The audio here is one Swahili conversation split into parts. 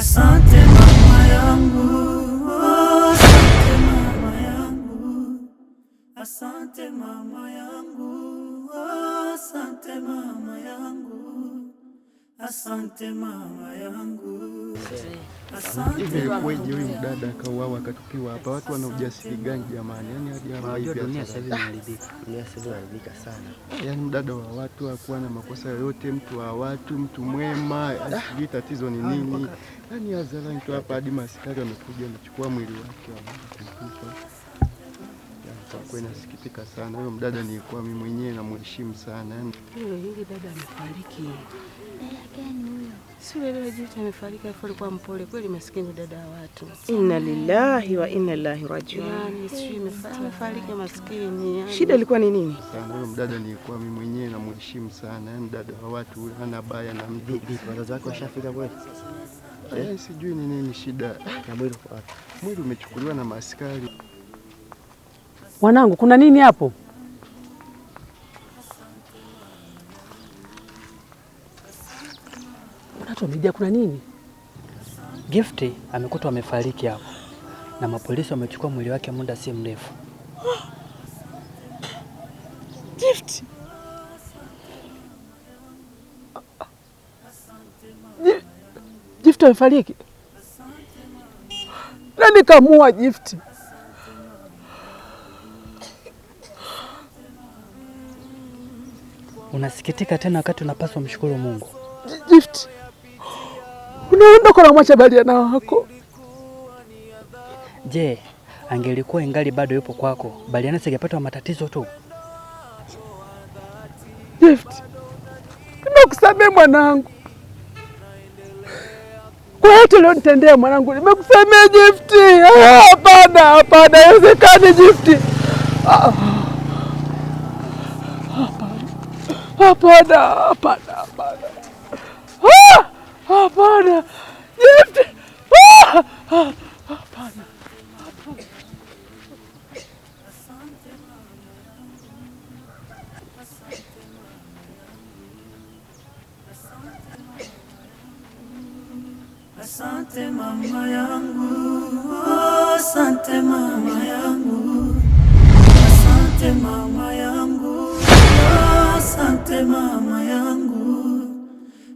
Asante mama yangu, asante mama yangu, asante mama yangu, asante mama yangu. Asante mama yangu. Hivi kweje huyu mdada akauawa akatukiwa hapa? Watu wana ujasiri gani jamani? Yaani dunia sasa hivi inaharibika sana, yaani mdada wa watu hakuwa na makosa yoyote, mtu wa watu, mtu mwema, yaani sijui tatizo ni nini? Yaani azala mtu hapa hadi maaskari wamekuja wamechukua mwili wake. Yaani kwa nasikitika sana, huyo mdada nilikuwa mimi mwenyewe namheshimu sana. Yule yaani dada amefariki Sielewe amefariki, afu alikuwa mpole kweli, maskini dada wa watu. Inna lillahi wa inna ilaihi rajiun. Yani sijui amefariki maskini yani. Shida ilikuwa ni nini? Sana huyo mdada nilikuwa mimi mwenyewe namheshimu sana, yani dada wa watu huyo hana baya na mdada. Wazazi wake washafika kweli? Eh, sijui ni nini shida. mwili mwili umechukuliwa na maskari Wanangu, kuna nini hapo? watu wamejia, kuna nini? Gifti amekutwa amefariki hapo na mapolisi wamechukua mwili wake muda si mrefu. Gifti Gifti amefariki na nikamua Gifti. Unasikitika tena wakati unapaswa mshukuru Mungu Gifti unaondoka na mwacha baliana wako. Je, angelikuwa ingali bado yupo kwako, baliana singepata matatizo tu. Jefti, nimekusamee mwanangu kwa yote ulionitendea mwanangu, nimekusamee Jefti. Ah, hapana, hapana, haiwezekani Jefti. Ah, hapana, hapana, hapana, hapana. Ah! Hapana.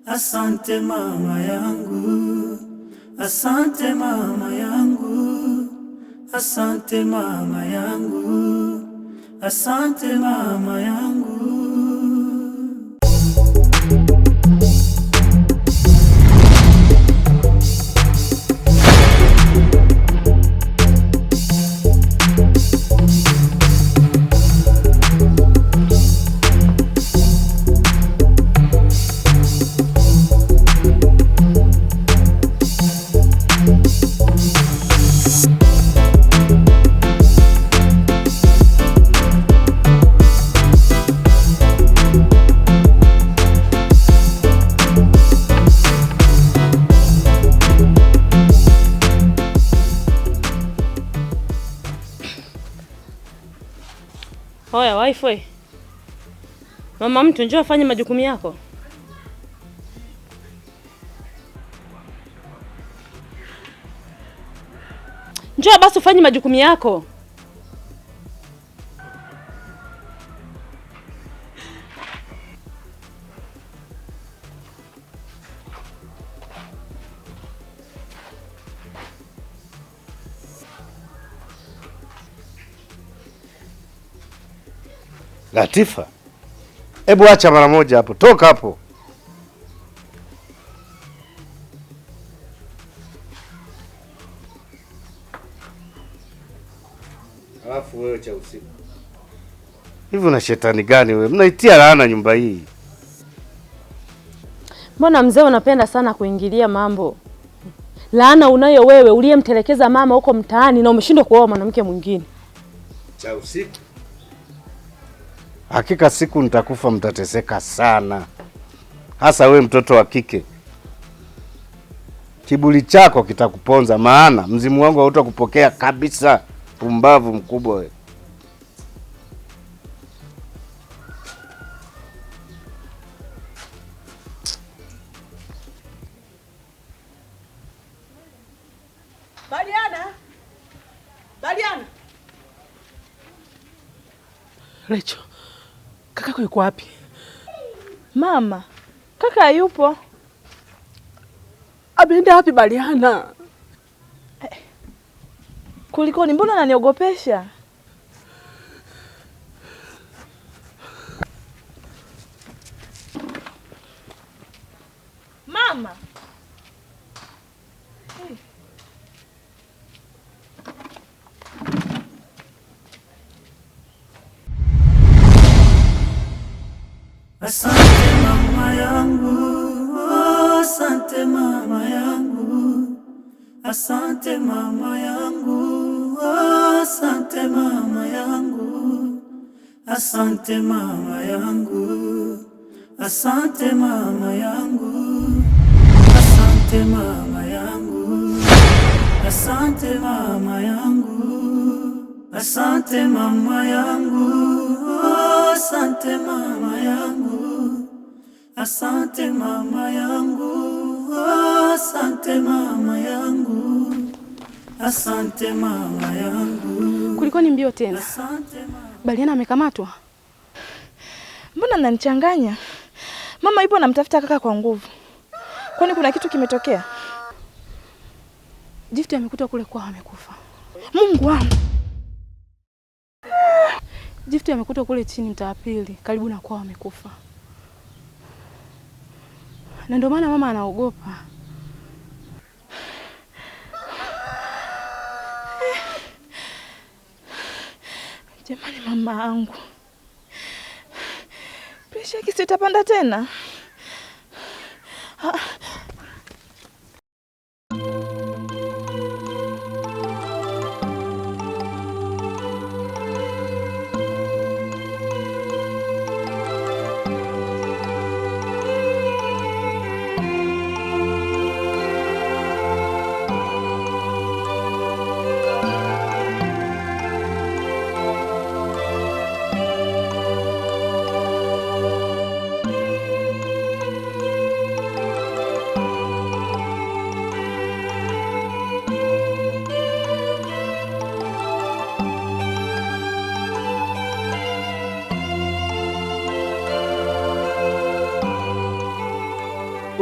Asante mama yangu, asante mama yangu, asante mama yangu, asante mama yangu. Hoya wife, mama mtu, njoo afanye majukumu yako. Njoo basi ufanye majukumu yako. Latifa, hebu acha mara moja hapo, toka hapo. Alafu wewe cha usiku hivi, una shetani gani wewe? Mnaitia laana nyumba hii. Mbona mzee unapenda sana kuingilia mambo? Laana unayo wewe uliyemtelekeza mama huko mtaani na umeshindwa kuoa mwanamke mwingine. Cha usiku Hakika siku nitakufa, mtateseka sana, hasa we mtoto wa kike. Kiburi chako kitakuponza, maana mzimu wangu hautakupokea kabisa. Pumbavu mkubwa we. Rachel yako iko wapi? Mama, kaka yupo. Ameenda wapi baliana eh, kulikoni? Mbona ananiogopesha? Mama Asante mama yangu, oh, asante mama yangu, asante mama yangu, asante mama yangu, asante mama yangu, asante mama yangu, asante mama yangu, asante mama yangu, asante mama yangu, asante mama yangu. Asante mama yangu, asante mama yangu, asante mama yangu. Kulikuwa ni mbio tena. Baliana amekamatwa? Mbona nanichanganya? Mama yupo anamtafuta kaka kwa nguvu. Kwani kuna kitu kimetokea? Jifti amekuta kule kwao amekufa. Mungu wangu. Jifti amekuta kule chini mtaa pili karibu na kwao amekufa na ndio maana mama anaogopa. Jamani, mama angu, presha kisitapanda tena. Ah,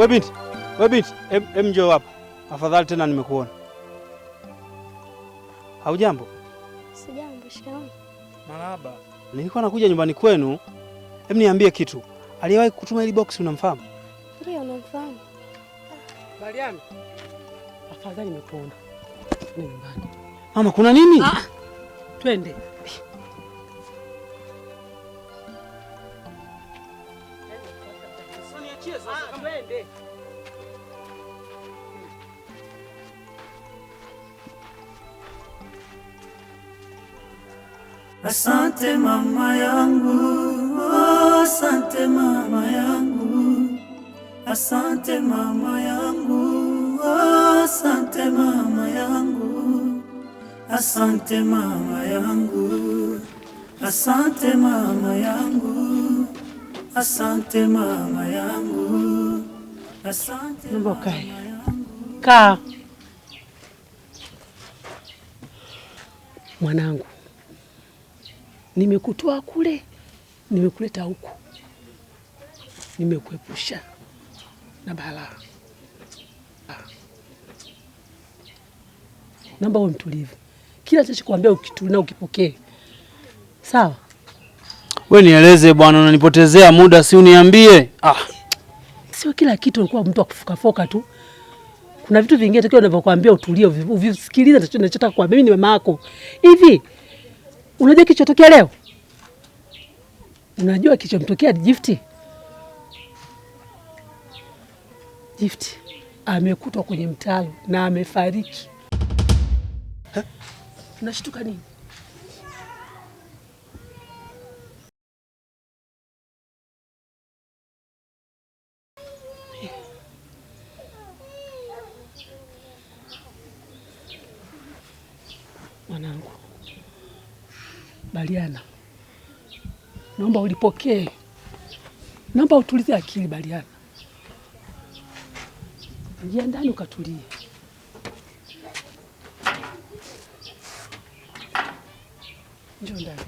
We binti, we binti, em, njoo hapa afadhali, tena nimekuona. Haujambo? Sijambo. Shikamoo. Marahaba. Nilikuwa nakuja nyumbani kwenu, em, niambie kitu. Aliyewahi kutuma ile box unamfahamu? Ndio, namfahamu. Mariam. Afadhali nimekuona. Nyumbani. Mama, kuna nini? Ah, twende. Asante mama yangu, oh, asante mama yangu, asante mama yangu, oh, asante mama yangu, asante mama yangu, asante mama yangu, asante mama yangu, asante mama yangu. Kaa mwanangu Nimekutoa kule, nimekuleta huku, nimekuepusha na balaa. Ah. Naomba uwe mtulivu, kila chachokuambia ukitu na ukipokee, sawa? We nieleze bwana, unanipotezea muda, si uniambie. Ah, sio kila kitu ulikuwa mtu akufokafoka tu kuna vitu vingine takiwa unavyokuambia utulie, uvisikilize nachotaka kuambia. Mimi ni mama yako hivi Unajua kilichotokea leo? Unajua kilichomtokea Gift? Gift amekutwa kwenye mtaro na amefariki. Unashtuka nini? Mwanangu Baliana, naomba ulipokee, naomba utulize akili Baliana, ingia ndani ukatulie. Njoo ndani.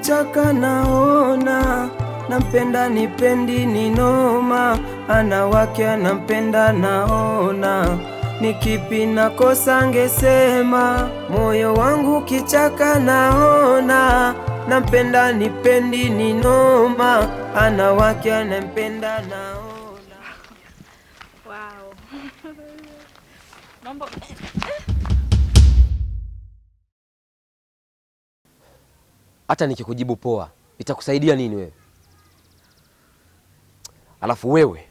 kichaka naona, nampenda nipendi ni noma, ana wake anampenda naona, nikipi kipi nakosa? Ngesema moyo wangu kichaka naona, nampenda nipendi ni noma, ana wake anampenda naona hata nikikujibu poa itakusaidia nini wewe? Alafu wewe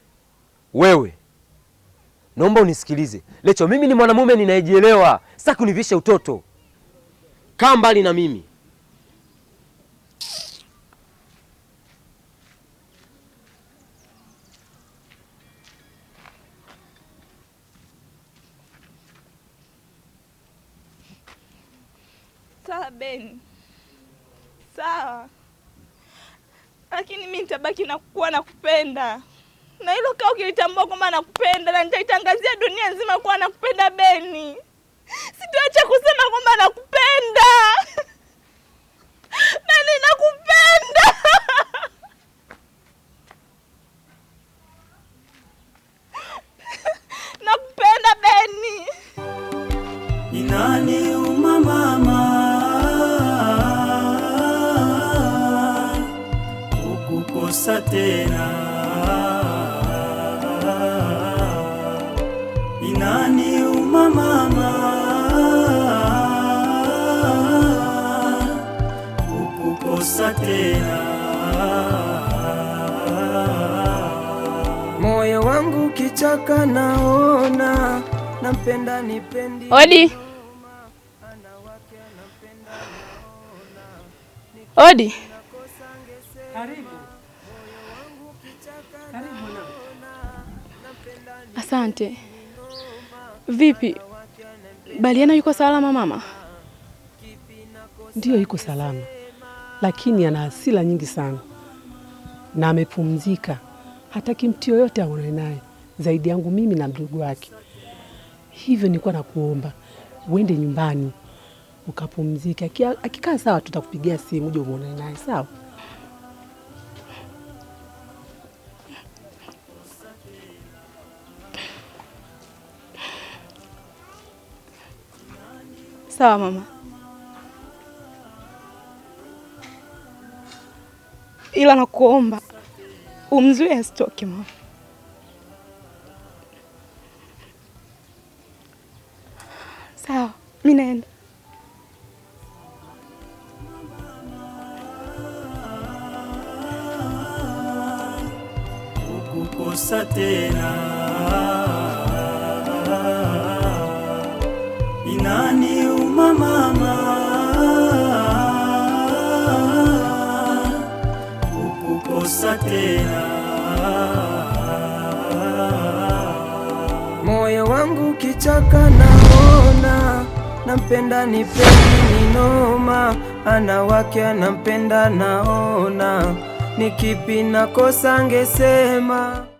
wewe, naomba unisikilize Lecho, mimi ni mwanamume ninayejielewa, sasa kunivisha utoto. Kaa mbali na mimi. Ben sawa, lakini mi nitabaki na kuwa nakupenda, na hilo kaa ukilitambua kwamba nakupenda, na nitaitangazia dunia nzima kuwa nakupenda Beni. Sitaacha kusema kwamba nakupenda. yangu kichaka naona nampenda nipendi odi odi karibu karibu na asante vipi Baliana yuko salama mama ndiyo yuko salama lakini ana hasira nyingi sana na amepumzika hataki mtu yoyote aone naye zaidi yangu mimi na mdogo wake. Hivyo nilikuwa nakuomba uende nyumbani ukapumzike, akikaa sawa tutakupigia simu uje uone naye sawa. Sawa mama, ila nakuomba Umzuie asitoke mama. Sawa, mimi naenda. Kukukosa tena Moyo wangu kichaka naona, nampenda nipendi ni noma, ana wake anampenda naona, ni kipi nakosa? ngesema